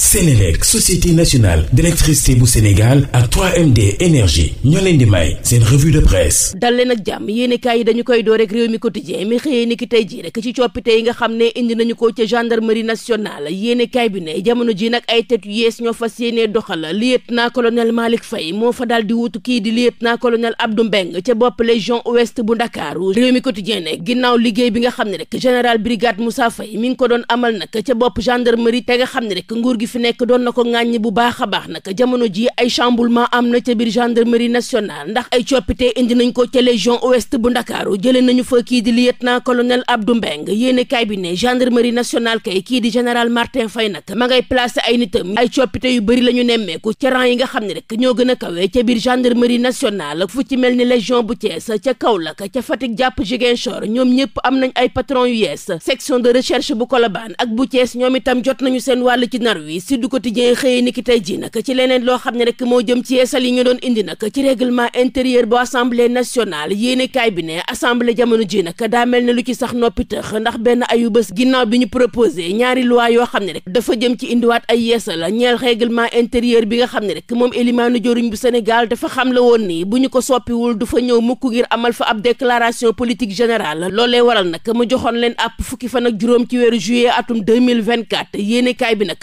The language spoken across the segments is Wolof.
Sénélec société nationale d'électricité bu Sénégal ak 3MD énergie ñoo leen di may seen revue de presse dal leen jàmm yéenekaay yi dañu koy door rek réew mi quotidien mi xëyee ni tey jii rek ci coppite yi nga xam ne indi nañu ko ca gendarmerie nationale yéenekaay bi ne jamono ji nag ay tête yées ñoo fas yéenee doxal lieutenant colonel Malick Faye moo fa daal di wuutu kii di na colonel Abdou Mbeng ca bopp légion ouest bu Ndakaaru réew mi quotidien ne ginnaaw liggéey bi nga xam ne rek général brigade Moussa Faye mi ngi ko doon amal nag ca bopp gendarmerie te nga xam ne rek nguur gi fi nekk doon na ko ŋàññi bu baax a baax nag jamono ji ay chamboulement am na ca biir gendarmerie nationale ndax ay coppite indi nañ ko ca légion ouest bu ndakaaru jëlee nañu fa kii di lieutenant colonel Abdou Mbeng yéene kaay bi ne gendarmerie nationale kay kii di général Martin fay nag ma ngay placé ay nitam ay coppite yu bëri la ñu nemmeeku ca rang yi nga xam ne rek ñoo gën a kawee ca biir gendarmerie nationale fu ci mel ni légion bu Thiès ca Kaolack ca Fatick jàpp Ziguinchor ñoom ñëpp am nañ ay patron yu yees section de recherche bu Colobane ak bu itam jot nañu seen wàll ci nar wi yi Sud Quotidien xëyee ni ki tey ji nag ci leneen loo xam ne rek moo jëm ci yeesal yi ñu doon indi nag ci règlement intérieur bu assemblée nationale yéene kaay bi ne assemblée jamono ji nag daa mel ne lu ci sax noppi tëx ndax benn ayu bés ginnaaw bi ñu proposé ñaari loi yoo xam ne dafa jëm ci indiwaat ay yeesal ñeel règlement intérieur bi nga xam ne rek moom élimaanu joriñ bu Sénégal dafa xam la woon nii bu ñu ko soppiwul du fa ñëw mukk ngir amal fa ab déclaration politique générale loolee waral nag mu joxoon leen àpp fukki fan ak juróom ci weeru juillet atum 2024 yéene kaay bi nag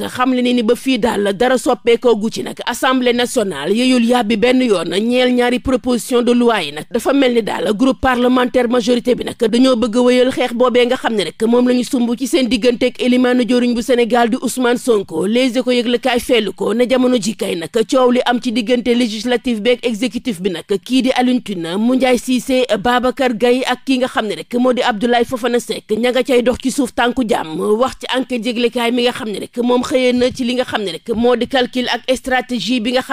ne ni ba fii daal dara soppeekoo gu nag assemblée nationale yeyul yàbbi benn yoon na ñeel ñaari proposition de loi yi nag dafa mel ni daal groupe parlementaire majorité bi nag dañoo bëgg a wéyal xeex boobee nga xam ne rek moom la ñu sumb ci seen digganteeg élimaanu joriñ bu Sénégal di Ousmane Sonko les éco yëgle kaay fellu ko ne jamono ji kay nag coow li am ci diggante législatif beeg exécutif bi nag kii di Alioune Tine Moundiaye Cissé Babacar Gaye ak ki nga xam ne rek moo di Abdoulaye Fofana Seck ña nga cay ci suuf tànku jàmm wax ci enquête yëgle kaay mi nga xam ne rek moom xëyee na ci li nga xam ne rek moo di calcul ak stratégie bi nga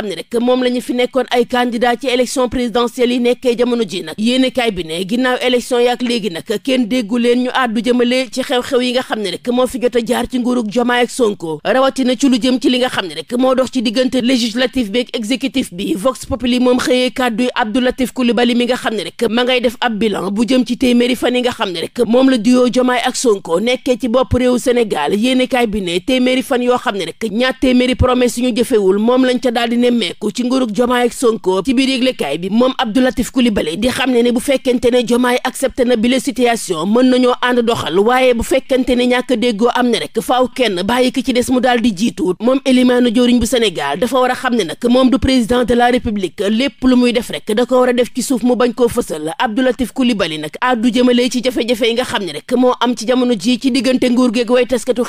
moom la ñu fi nekkoon ay candidat ci élection présidentielle yi nekkee jamono ji nag yéenekaay bi ne ginnaaw élection yaak léegi nag kenn déggu leen ñu àddu jëmale ci xew-xew yi nga xam ne rek moo fi jot a jaar ci nguurug Jomaay Sonko rawatina ci lu jëm ci li nga xam ne rek moo dox ci diggante législatif bi ak exécutif bi Vox Populi moom xëyee kàddu Abdou Latif Coulibaly mi nga xam ne rek ma ngay def ab bilan bu jëm ci téeméeri fan yi nga xam ne rek moom la duyoo jamaay ak Sonko nekkee ci bopp réew Sénégal yéenekaay bi ne téeméeri fan yoo xam ne ne rek ñaar téeméeri promesse yu ñu jëfewul moom lañ ca daal di nemmeeku ci nguurug jomaay ak sonko ci biir yëglekaay bi moom Abdoulatif Coulibaly di xam ne ne bu fekkente ne jomaay accepté na bile situation mën nañoo ànd doxal waaye bu fekkente ne ñàkk déggoo am ne rek faaw kenn bàyyi ki ci des mu daal di jiitu moom Elimaanu joriñ bu Sénégal dafa war a xam ne nag moom du président de la république lépp lu muy def rek da ko war a def ci suuf mu bañ koo fësal Abdoulatif Coulibaly nag àddu jëmale ci jafe-jafe yi nga xam ne rek moo am ci jamono ji ci diggante nguur geeg way taskatu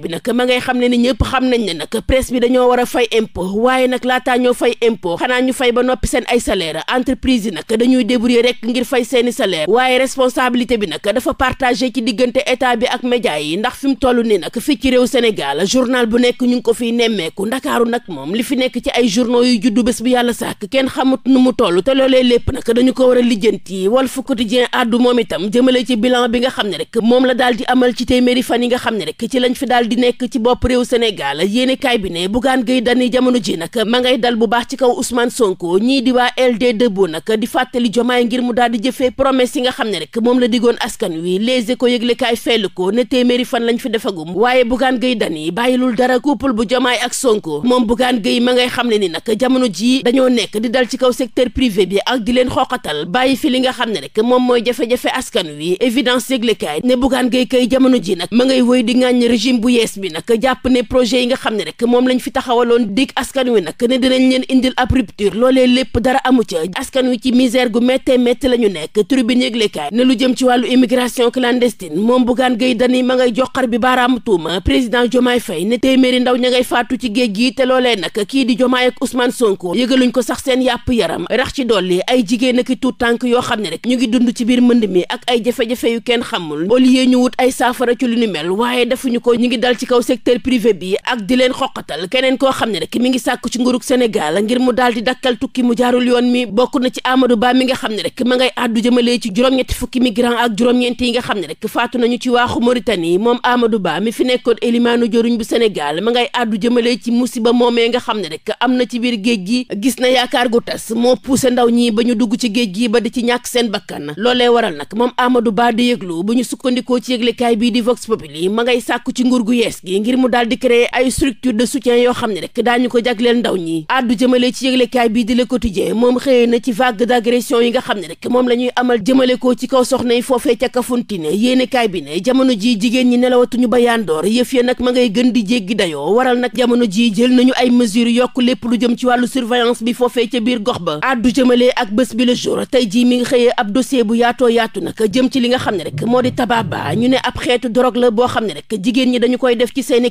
bi nag ngay xam ne ni ñëpp xam nañ ne nag presse bi dañoo war a fay impôt waaye nag laataa ñoo fay impôt xanaa ñu fay ba noppi seen ay salaire entreprise yi nag dañuy débrouiller rek ngir fay seeni salaire waaye responsabilité bi nag dafa partagé ci diggante état bi ak média yi ndax fi mu toll ni nag fii ci réew Sénégal journal bu nekk ñu ngi ko fiy nemmeeku ndakaaru nag moom li fi nekk ci ay journaux yu juddu bés bu yàlla sàkk kenn xamut nu mu toll te loolee lépp nag dañu ko war a lijjanti Walf Quotidien àddu moom itam jëmale ci bilan bi nga xam ne rek moom la daal di amal ci téeméeri fan yi nga xam ne rek ci lañ fi daal di nekk bopp réew Sénégal yéenekaay bi ne Bougane Gueye Dany jamono ji nag ma ngay dal bu baax ci kaw Ousmane Sonko ñii di waa LD Debout nag di fàttali jomaay ngir mu daal di jëfee promesse yi nga xam ne rek moom la digoon askan wi Les Échos yëglekaay fell ko ne téeméeri fan lañ fi defagum waaye Bougane Gueye Dany bàyyilul dara couple bu jomaay ak Sonko moom Bougane Gueye ma ngay xam ne ni nag jamono ji dañoo nekk di dal ci kaw secteur privé bi ak di leen xoqatal bàyyi fi li nga xam ne rek moom mooy jafe-jafe askan wi évidence yëglekaay ne Bougane Gueye kay jamono ji nag ma ngay woy di ŋàññ régime bu yees bi nag jàpp ne projet yi nga xam ne rek moom lañ fi taxawaloon dig askan wi nag ne dinañ leen indil ab rupture loolee lépp dara amu ca askan wi ci misère gu méttee métti la ñu nekk tribune yëglekaay ne lu jëm ci wàllu immigration clandestine moom Bougane Gueye Dany ma ngay joxar bi baaraamu tuuma président Diomaye Faye ne téeméeri ndaw ña ngay faatu ci géej gi te loolee nag kii di Diomaye ak Ousmane Sonko yëgaluñ ko sax seen yàpp yaram rax ci dolli ay jigéen ak i tànk yoo xam ne rek ñu ngi dund ci biir mënd mi ak ay jafe yu kenn xamul au lieu ñu ay saafara ci lu ni mel waaye defuñu ko ñu ngi dal ci kaw secteur secteur privé bi ak di leen xoqatal keneen koo xam ne rek mi ngi sàkku ci nguurug Sénégal ngir mu daal di dakkal tukki mu jaarul yoon mi bokk na ci Amadou Ba mi xam ne rek ma ngay àddu jëmale ci juróom-ñetti fukki migrant ak juróom-ñeenti yi nga xam ne rek faatu nañu ci waaxu Mauritanie moom Amadou Ba mi fi nekkoon élimaanu joruñ bu Sénégal ma ngay àddu jëmale ci musiba moomee nga xam ne rek am na ci biir géej gi gis na yaakaar gu tas moo poussé ndaw ñi ba ñu dugg ci géej gi ba di ci ñàkk seen bakkan loolee waral nag moom Amadou Ba di yëglu bu ñu sukkandikoo ci yëglekaay bii di Vox Populi ma ngay sàkku ci nguur gu yees gi ngir mu daal di créer ay structure de soutien yoo xam ne rek daañu ko jagleel ndaw ñi addu jëmale ci yëglekaay bii di Le Quotidien moom xëyee na ci vague d'agression yi nga xam ne rek moom la ñuy amal jëmale ko ci kaw soxna yi foofee ca Kafountine yéenekaay bi ne jamono ji jigéen ñi nelawatuñu ba yandoor yëf ya nag ma ngay gën di jéggi dayoo waral nag jamono ji jël nañu ay mesures yokk lépp lu jëm ci wàllu surveillance bi foofee ca biir gox ba addu jëmale ak bés bi le jour tey jii mi ngi xëyee ab dossier bu yaatoo yaatu nag jëm ci li nga xam ne rek moo di tabaaba ñu ne ab xeetu drogue boo xam ne rek jigéen ñi dañu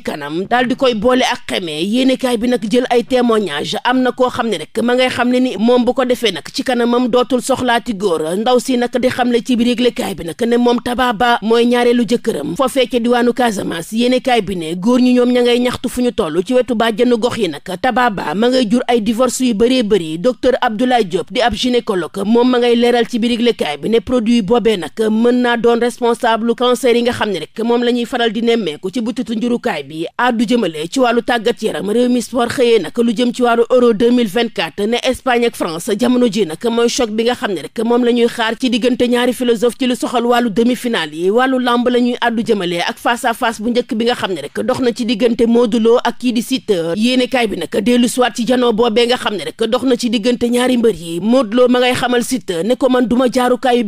seeni kanam daal di koy boole ak xemee yéenekaay bi nag jël ay témoignage am na koo xam ne rek ma ngay xam ne ni moom bu ko defee nag ci kanamam dootul soxlaati góor ndaw si nag di xam le ci biir yëglekaay bi nag ne moom tabaaba mooy ñaareelu jëkkëram foofee ca diwaanu Casamance yéenekaay bi ne góor ñi ñoom ña ngay ñaxtu fu ñu toll ci wetu bàjjenu gox yi nag tabaaba ma ngay jur ay divorce yu bëree bëri docteur Abdoulaye Diop di ab gynécologue moom ma ngay leeral ci biir yëglekaay bi ne produit boobee nag mën naa doon responsable cancer yi nga xam ne rek moom la ñuy faral di nemmeeku ci butitu njurukaay bi bi addu jëmale ci wàllu tàggat yaram réew mi sport xëyee nag lu jëm ci wàllu euro 2024 ne Espagne ak France jamono ji nag mooy choc bi nga xam ne rek moom la ñuy xaar ci diggante ñaari philosophe ci lu soxal wàllu demi-finale yi wàllu lamb la ñuy addu jëmale ak face à bu njëkk bi nga xam ne rek dox na ci diggante Modou Lo ak kii di Siteu yéenekaay bi nag dellu siwaat ci janoo boobee nga xam ne rek dox na ci diggante ñaari mbër yi Modou Lo ma ngay xamal Siteu ne ko man duma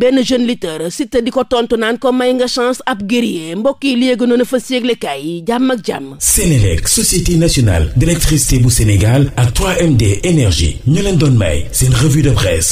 benn jeune lutteur Siteu di ko tontu ko may nga chance ab guerrier mbokk yi léegi noonu fa séeglekaay yi jàmm Sénélec société nationale d'électricité bu Sénégal ak 3MD énergie ñu leen doon may seen revue de presse